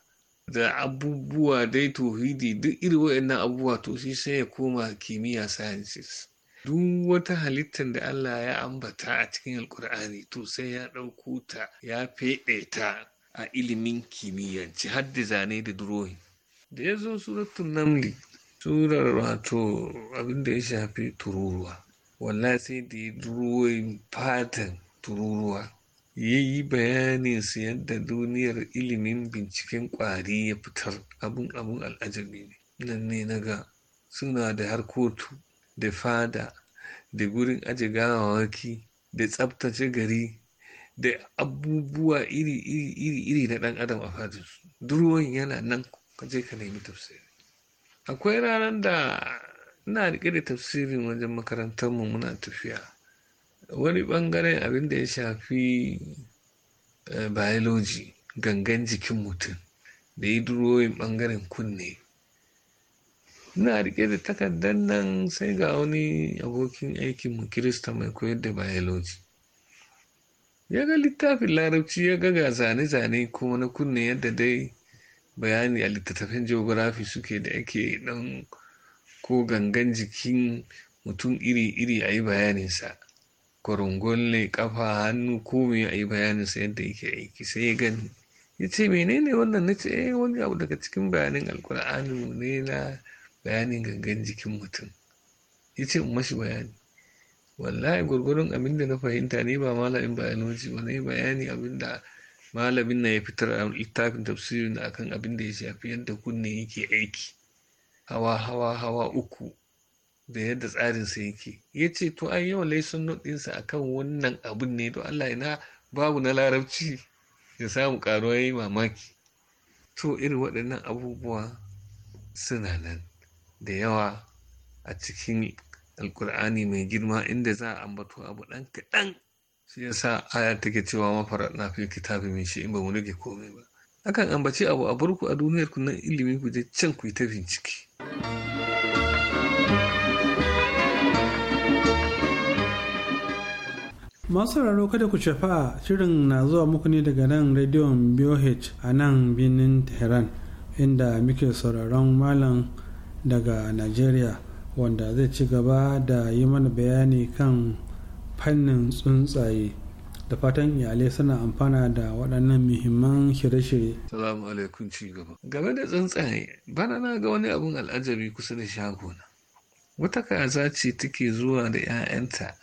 da abubuwa dai tauhidi duk irin waɗannan abubuwa to shi sai ya koma kimiyya sciences duk wata halittar da Allah ya ambata a cikin alkur'ani to sai ya ɗauko ta ya feɗe ta a ilimin kimiyyanci har da zane da drawing da ya zo suratun namli surar wato abinda ya shafi tururuwa wallah sai da ya duruwoyin fatan tururuwa ya yi bayanin su yadda duniyar ilimin binciken kwari ya fitar abun abun al'ajabi ne nan ne na ga suna da har kotu da fada da gurin aje gawawaki da tsabtace gari da abubuwa iri iri iri na ɗan adam a fadinsu duruwan yana nan ka je ka nemi tafsiri akwai ranar da ina riƙe da tafsirin wajen makarantarmu muna tafiya wani ɓangaren abin da ya shafi eh, biology gangan jikin mutum da yi durowin ɓangaren kunne ina riƙe da takardar nan sai ga wani abokin aikinmu kirista mai koyar da biology ya ga littafin larabci ya ga ga zane-zane kuma na kunne yadda dai bayani a littattafan geography suke da ake ɗan ko gangan jikin mutum iri-iri a yi bayaninsa kwarangwalle kafa hannu ko a yi bayaninsa yadda yake aiki sai ya gani ya ce menene wannan na ce eh wani abu daga cikin bayanin alkur'ani ne na bayanin gangan jikin mutum ya ce mashi bayani wallahi gwargwadon abin da na fahimta ne ba malamin biology ba ne bayani abin da malamin na ya fitar a littafin tafsirin da akan abin da ya shafi yadda kunne yake aiki hawa hawa hawa uku da yadda tsarinsa yake ya ce to an yawan laisun nutsinsa a akan wannan abin ne to allah ina babu na larabci ya samu karuwa ya yi mamaki to irin waɗannan abubuwa suna nan da yawa a cikin alkur'ani mai girma inda za a ambato abu ɗan kaɗan shi yasa aya take cewa mafarar na fi kitabi mai shi in ba mu rage komai ba akan ambaci abu a barku a duniyar ku nan ilimi ku je can ku yi ta bincike masu sauraro kada ku shafa shirin na zuwa muku ne daga nan rediyon BOH a nan birnin Tehran inda muke sauraron malam daga Najeriya wanda zai ci gaba da yi mana bayani kan fannin tsuntsaye da fatan iyalai suna amfana da waɗannan muhimman shirye-shirye. Salamu alaikum ci gaba. Game da tsuntsaye, bana na ga wani abun al'ajabi kusa da shagona. Wata kaza ce take zuwa da 'ya'yanta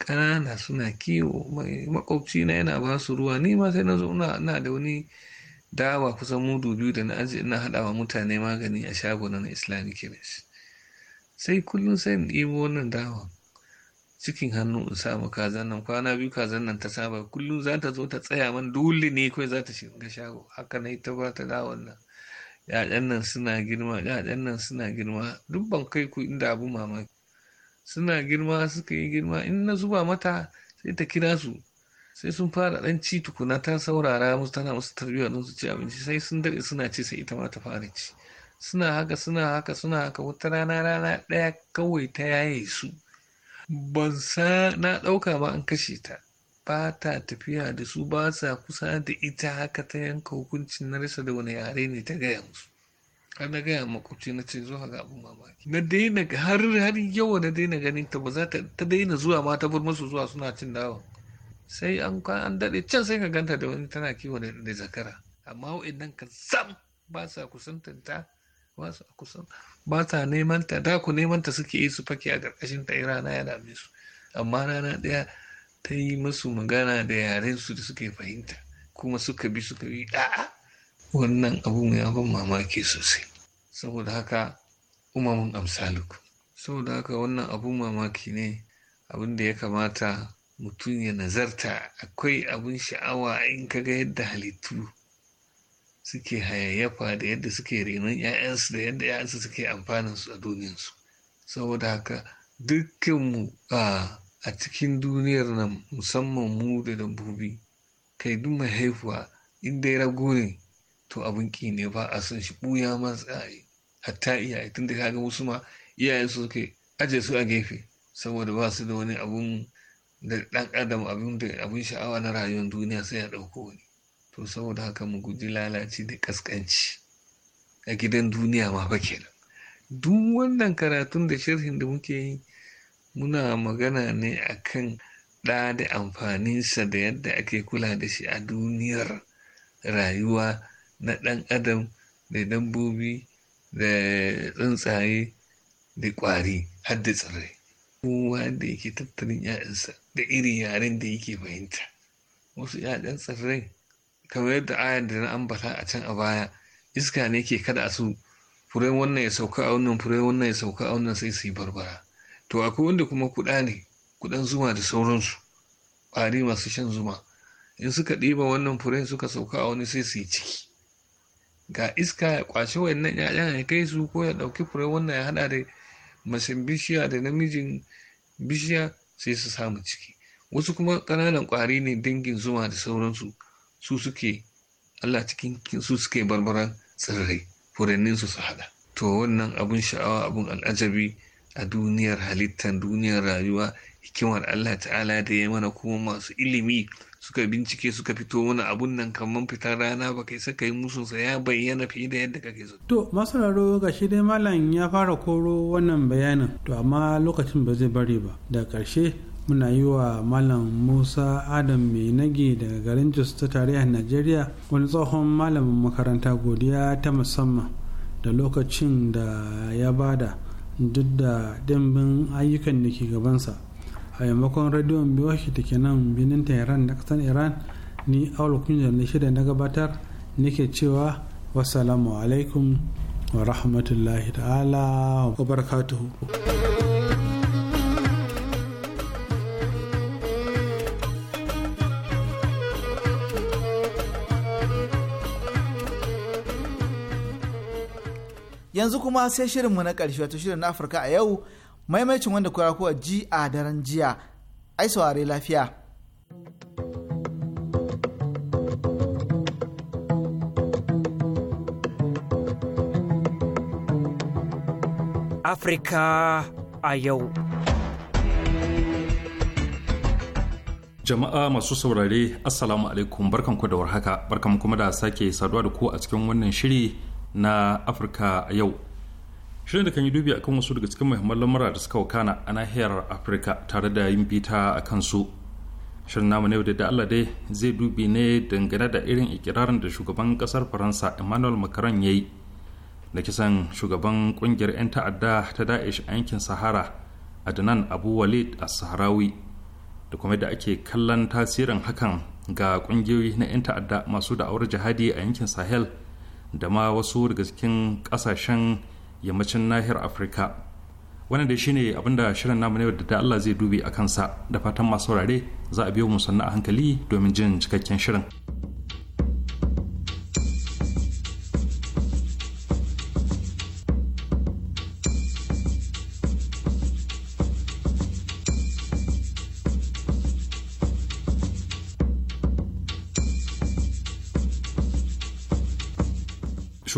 ƙanana suna kiwo makwabci na yana ba su ruwa ni ma sai na zo ina da wani dawa kusan mudu biyu da na aji ina haɗa wa mutane magani a shago na islamic chemist sai kullum sai in ɗibo wannan dawa cikin hannu in sa maka kazan kwana biyu kazan nan ta saba kullum za ta zo ta tsaya man dole ne kai za ta shiga shago haka na ita ba ta da wannan yayan nan suna girma yayan nan suna girma duk ban kai ku inda abu mamaki suna girma suka yi girma in na zuba mata sai ta kira su sai sun fara dan ci tukuna ta saurara musu tana musu tarbiyya don su ci abinci sai sun dade suna ci sai ita ma ta fara ci suna haka suna haka suna haka wata rana rana daya kawai ta yaye su ban san na ɗauka ma an kashe ta ba ta tafiya da su ba sa kusa da ita haka ta yanka hukuncin na rasa da wani yare ne ta gaya musu har na gaya makwabci na ce zuwa ga abin mamaki na daina har har yau na daina ganin ta ba za ta ta daina zuwa ma ta bar musu zuwa suna cin dawa sai an kwan an daɗe can sai ka ganta da wani tana kiwo da zakara amma nan kan sam ba sa kusantanta ba sa kusantanta ba ta neman ta da ku neman ta suke yi su fake a ƙarƙashin ta rana ya dame su amma rana ɗaya ta yi musu magana da yaren su da suke fahimta kuma suka bi suka bi da wannan abu ya ban mamaki sosai saboda haka umamun amsaluk saboda haka wannan abun mamaki ne abin da ya kamata mutum ya nazarta akwai abin sha'awa in kaga yadda halittu suke hayayyafa da yadda suke renon 'ya'yansu da yadda 'ya'yansu suke amfanin su a duniyarsu saboda haka dukkanmu a cikin duniyar nan musamman mu da dabbobi kai duk mai haihuwa in dai rago ne to abin ki ne ba a son shi ɓuya ma tsaye hatta iyaye tunda kaga wasu ma iyayen su suke aje su a gefe saboda ba su da wani abun da ɗan adam abin sha'awa na rayuwar duniya sai ya ɗauko wani to saboda haka mu guji lalaci da ƙasƙanci a gidan duniya ma fa kenan duk wannan karatun da sharhin da muke yi muna magana ne akan ɗa da amfaninsa da yadda ake kula da shi a duniyar rayuwa na ɗan adam da dabbobi da tsuntsaye da ƙwari har da tsirrai kowa da yake tattalin 'ya'yansa da irin yaren da yake fahimta wasu 'ya'yan tsirrai kamar yadda ayar da na ambata a can a baya iska ne ke kada su furen wannan ya sauka a wannan furen wannan ya sauka a wannan sai su yi barbara to akwai wanda kuma kuɗa ne kuɗan zuma da sauransu ƙwari masu shan zuma in suka ɗiba wannan furen suka sauka a wani sai su yi ciki ga iska ya wa wayannan ƴaƴan ya kai su ko ya ɗauki furen wannan ya haɗa da mashin bishiya da namijin bishiya sai su samu ciki wasu kuma ƙananan ƙwari ne dangin zuma da sauransu su suke Allah cikin su suke barbaran tsirrai furannin su su hada to wannan abun sha'awa abun al'ajabi a duniyar halittar duniyar rayuwa hikimar Allah ta'ala da ya mana kuma masu ilimi suka bincike suka fito mana abun nan kamar fitar rana ba kai saka yi sa ya bayyana fiye da yadda kake so. To masararo ga shi dai malam ya fara koro wannan bayanin to amma lokacin ba zai bari ba da karshe muna yi wa malam musa adam mai nage daga garin jos ta tarihin najeriya wani tsohon malamin makaranta godiya ta musamman da lokacin da ya bada duk da dimbin ayyukan da ke gabansa a yammakon radiyon biyoshi da ke nan birnin tehran da kasan iran ni awal na shida na gabatar nake cewa wasalamu alaikum wa rahmatullahi ta'ala wa barakatuhu yanzu kuma sai shirinmu na ƙarshe wato shirin na afirka a yau maimacin wanda kura kuwa ji a daren jiya ai saurare lafiya afirka a yau jama'a masu saurare assalamu alaikum barkanku da warhaka barkan kuma da sake saduwa da ku a cikin wannan shiri na afirka a yau shirin da kan yi dubi akan wasu daga cikin muhimman lamura da suka wakana a nahiyar afirka tare da yin bita a kansu shirin namu yau da allah dai zai dubi ne dangane da irin ikirarin da shugaban kasar faransa emmanuel macron ya yi da kisan shugaban kungiyar 'yan ta'adda ta da'ish a yankin sahara adnan abu walid a saharawi da kuma da ake kallon tasirin hakan ga kungiyoyi na 'yan ta'adda masu da'awar jihadi a yankin sahel da ma wasu daga cikin kasashen yammacin nahiyar afirka wannan da shine abinda shirin namu ne da Allah zai dubi a kansa da fatan masu saurare za a biyo mu sannu a hankali domin jin cikakken shirin.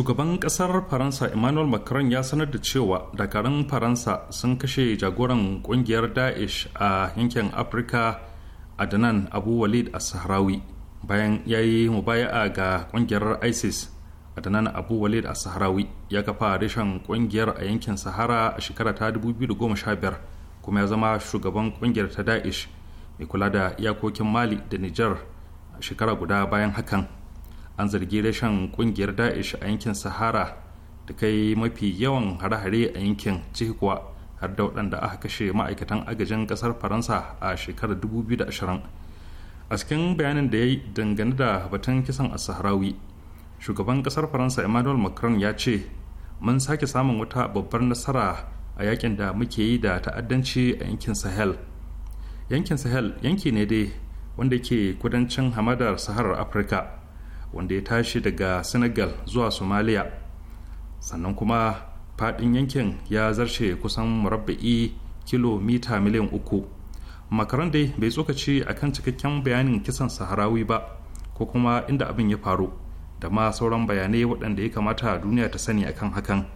shugaban kasar faransa emmanuel macron ya sanar da cewa dakarun faransa sun kashe jagoran kungiyar daesh a yankin afirka adnan abu walid a sahrawi bayan ya yi mubaya'a ga kungiyar isis adnan abu walid a sahrawi ya kafa reshen kungiyar a yankin sahara a shekara ta 2015 kuma ya zama shugaban kungiyar ta daesh mai kula da iyakokin mali da niger a shekara guda bayan hakan an zargi rashin kungiyar da'ish a yankin sahara da kai mafi yawan hare-hare a yankin ciki har da waɗanda aka kashe ma'aikatan agajin ƙasar faransa a shekarar 2020 a cikin bayanin da ya yi dangane da batun kisan a saharawi shugaban ƙasar faransa emmanuel macron ya ce mun sake samun wata babbar nasara a yakin da muke yi da ta'addanci a yankin sahel yankin sahel yanki ne dai wanda ke kudancin hamadar saharar afirka wanda ya tashi daga senegal zuwa somalia sannan kuma faɗin yankin ya zarce kusan murabba'i kilomita miliyan uku makaron dai bai tsokaci a kan cikakken bayanin kisan saharawi ba ko kuma inda abin ya faru da ma sauran bayanai waɗanda ya kamata duniya ta sani akan hakan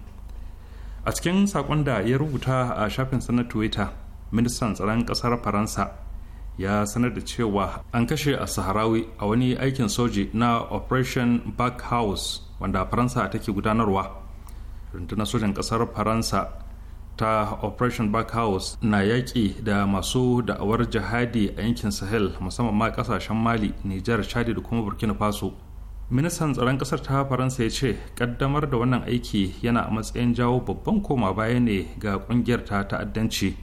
a cikin saƙon da ya rubuta a shafin na twitter ministan tsaron ƙasar faransa ya sanar da cewa an kashe a saharawi a wani aikin soji na operation back house wanda faransa take gudanarwa rundunar sojan kasar faransa ta operation back house na yaƙi da masu da'awar jihadi a yankin sahel musamman ma kasashen mali nijar chadi da kuma burkina faso ministan tsaron kasar ta faransa ya ce kaddamar da wannan aiki yana a matsayin jawo babban koma baya ne ga kungiyar ta ta'addanci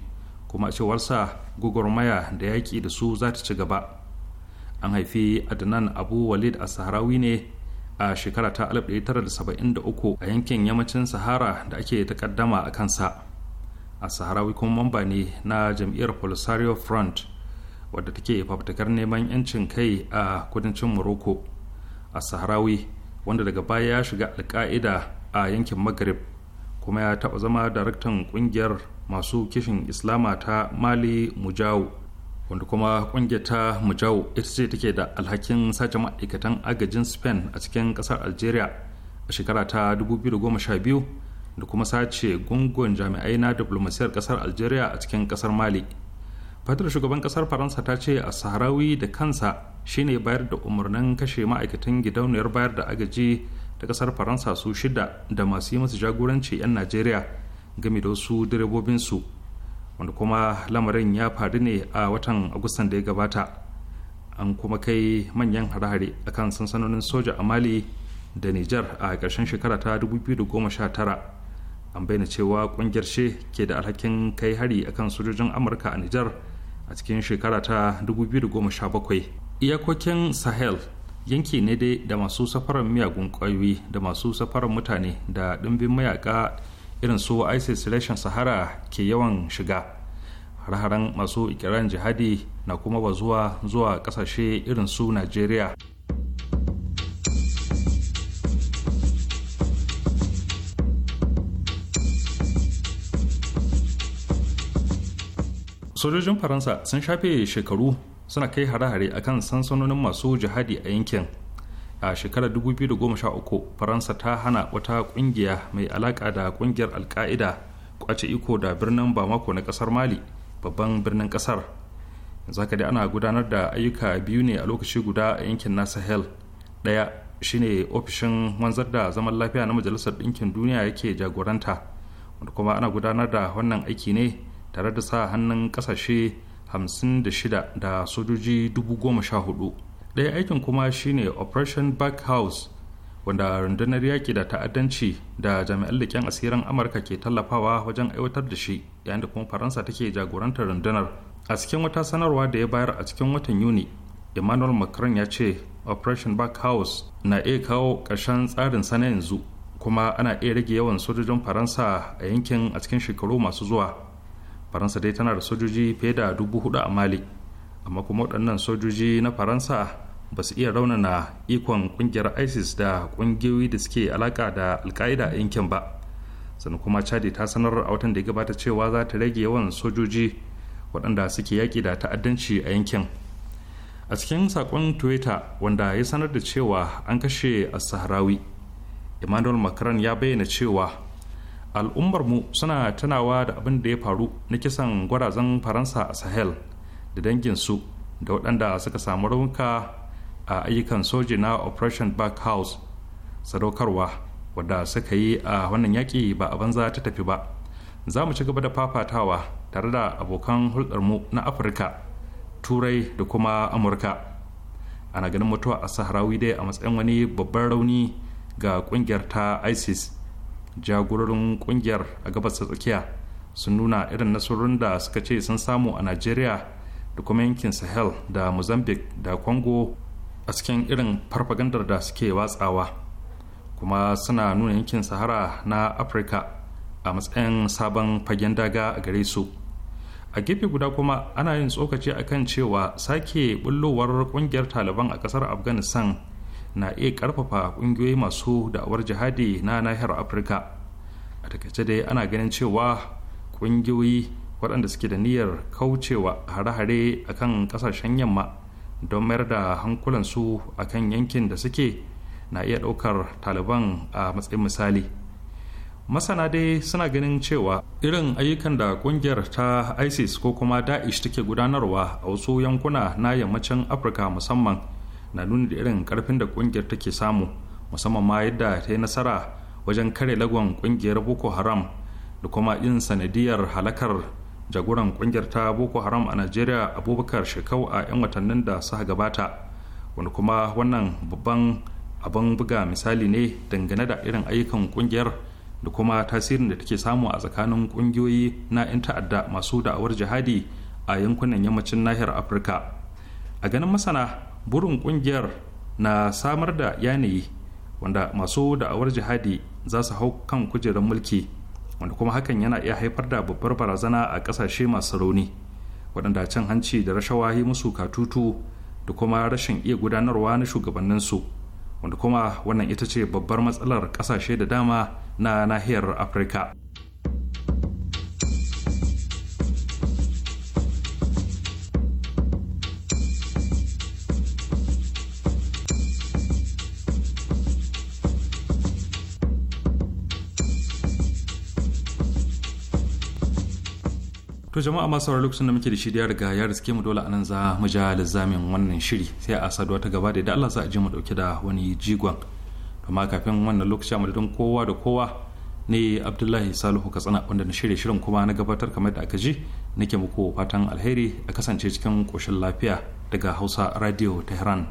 kuma a cewarsa gugurmaya da yaƙi da su za ta ci gaba an haifi adnan abu walid a saharawi ne a shekara ta 1973 a yankin yammacin sahara da ake takaddama a kansa a saharawi kuma mamba ne na jam'iyyar polisario front wadda take fafutukar neman 'yancin kai a kudancin morocco a saharawi wanda daga baya ya shiga alka'ida a yankin maghrib kuma ya taɓa zama daraktan ƙungiyar masu kishin islama ta mali mujawu wanda kuma kungiyar ta mujawu ita ce take da alhakin sace ma'aikatan agajin spain a cikin kasar algeria a shekara ta 2012 da kuma sace gungun jami'ai na diplomasiyar kasar algeria a cikin kasar mali fatar shugaban kasar faransa ta ce a saharawi da kansa shine bayar da umarnin kashe ma'aikatan gidauniyar bayar da agaji da kasar faransa su shida da masu yi masu jagoranci 'yan najeriya game da wasu direbobinsu wanda kuma lamarin ya faru ne a watan agustan da ya gabata an kuma kai manyan hare-hare akan sansanonin soja a mali da nijar a ƙarshen shekara ta 2019 an bayyana cewa ƙungiyar she ke da alhakin kai hari akan sojojin amurka a nijar a cikin shekara ta 2017 iyakokin sahel yanki ne dai da masu safarar miyagun kwayoyi da masu safarar mutane da ɗimbin mayaka irin su isis reshen sahara ke yawan shiga har-haren masu ikirarin jihadi na kuma bazuwa zuwa kasashe irin su nigeria. sojojin faransa sun shafe shekaru suna kai hare-hare akan sansanonin masu jihadi a yankin a shekarar 2013 faransa ta hana wata kungiya mai alaka da kungiyar alka'ida kwace iko da birnin bamako na kasar mali babban birnin kasar zaka dai ana gudanar da ayyuka biyu ne a lokaci guda a yankin na sahel daya shine ofishin wanzar da zaman lafiya na majalisar ɗinkin duniya yake jagoranta wanda kuma ana gudanar da wannan aiki ne tare da sa hannun ƙasashe 56 da sojoji 14,000 ɗaya aikin kuma shine operation back house wanda rundunar yaƙi da ta'addanci da jami'an leƙen asirin amurka ke tallafawa wajen aiwatar da shi yayin da kuma faransa take jagorantar rundunar a cikin wata sanarwa da ya bayar a cikin watan yuni emmanuel macron ya ce operation back house na iya kawo ƙarshen tsarin sana yanzu kuma ana iya rage yawan sojojin faransa a yankin a cikin shekaru masu zuwa faransa dai tana da sojoji fiye da dubu hudu a mali amma kuma waɗannan sojoji na faransa ba su iya raunana ikon ƙungiyar isis da ƙungiyoyi da suke alaƙa da alka'ida a yankin ba sannan kuma chadi ta sanar a watan da ya gabata cewa za ta rage yawan sojoji waɗanda suke yaƙi da ta'addanci a yankin a cikin saƙon twitter wanda ya sanar da cewa an kashe a sahrawi emmanuel macron ya bayyana cewa al'ummar mu suna tunawa da abin da ya faru na kisan gwarazan faransa a sahel da danginsu da waɗanda suka samu raunuka a ayyukan soji na operation back house sadaukarwa wadda suka yi a wannan yaƙi ba a banza ta tafi ba za mu ci gaba da fafatawa tare da abokan hulɗarmu na afirka turai da kuma amurka ana ganin mutuwa a saharawi dai a matsayin wani babban rauni ga ƙungiyar ta isis jagororin ƙungiyar a gabas ta tsakiya sun nuna irin nasarorin da suka ce sun samu a najeriya da kuma yankin sahel da mozambique da congo a cikin irin farfagandar da suke watsawa kuma suna nuna yankin sahara na afirka a matsayin sabon fagen daga a gare su a gefe guda kuma ana yin tsokaci kan cewa sake bullowar kungiyar taliban a kasar afghanistan na iya karfafa kungiyoyi masu da'awar jihadi na nahiyar afirka a takaice dai ana ganin cewa kungiyoyi waɗanda suke da niyyar kaucewa hare-hare a kan ƙasashen yamma don mayar da hankulansu a kan yankin da suke na iya ɗaukar taliban a matsayin misali masana dai suna ganin cewa irin ayyukan da ƙungiyar ta isis ko kuma da'ish take gudanarwa a wasu yankuna na yammacin afirka musamman na nuna da irin karfin da ƙungiyar take samu musamman ma yadda ta yi nasara wajen kare lagon ƙungiyar boko haram da kuma yin sanadiyar halakar jagoran kungiyar ta boko haram a najeriya abubakar shekau a 'yan watannin da suka gabata wani kuma wannan babban abin buga misali ne dangane da irin ayyukan kungiyar da kuma tasirin da take samu a tsakanin kungiyoyi na 'yan ta'adda masu da'awar jihadi a yankunan yammacin nahiyar afirka a ganin masana burin kungiyar na samar da yanayi wanda masu da'awar jihadi za su hau kan kujerar mulki wanda kuma hakan yana iya haifar da babbar barazana a ƙasashe masu rauni waɗanda can hanci da rashawa yi musu katutu da kuma rashin iya gudanarwa na shugabanninsu wanda kuma wannan ita ce babbar matsalar ƙasashe da dama na nahiyar afirka jama'a masu sauraro lokacin da muke da shirya daga ya riske mu dole anan za mu ja lizamin wannan shiri sai a saduwa ta gaba da Allah za a ji mu dauke da wani jigon amma kafin wannan lokaci mu don kowa da kowa ne Abdullahi Salihu Katsina wanda na shirya shirin kuma na gabatar kamar da aka ji nake muku fatan alheri a kasance cikin koshin lafiya daga Hausa Radio Tehran.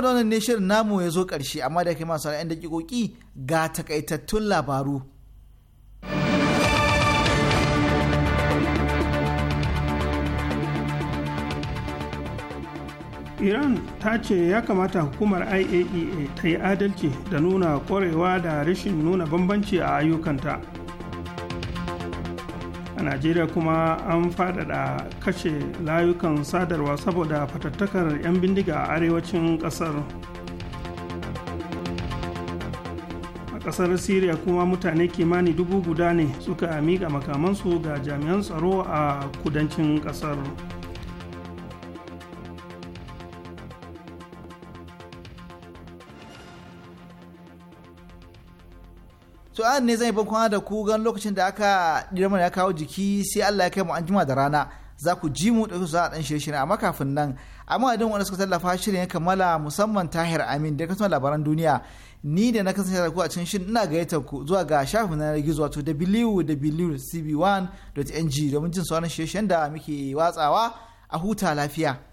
da wannan ne shirin namu ya zo ƙarshe amma da kai masu yan kikoki ga takaitattun labaru. iran ta ce ya kamata hukumar iaea e ta yi adalci da nuna ƙwarewa da rashin nuna bambanci a ayyukanta a najeriya kuma an faɗaɗa kashe layukan sadarwa saboda fatattakar 'yan bindiga a arewacin ƙasar a ƙasar syria kuma mutane kimani dubu guda ne suka miƙa makamansu ga jami'an tsaro a kudancin ƙasar. to an ne zan yi bankwana da ku gan lokacin da aka mana ya kawo jiki sai Allah ya kai mu anjima da rana za ku ji mu ɗauki za a ɗan shirye amma kafin nan amma idan wanda suka tallafa shirin ya kammala musamman tahir amin da kasuwan labaran duniya ni da na kasance da ku a cikin shirin ina gayyatar ku zuwa ga shafin na gizo wato www.cb1.ng domin jin sauran shirye da muke watsawa a huta lafiya.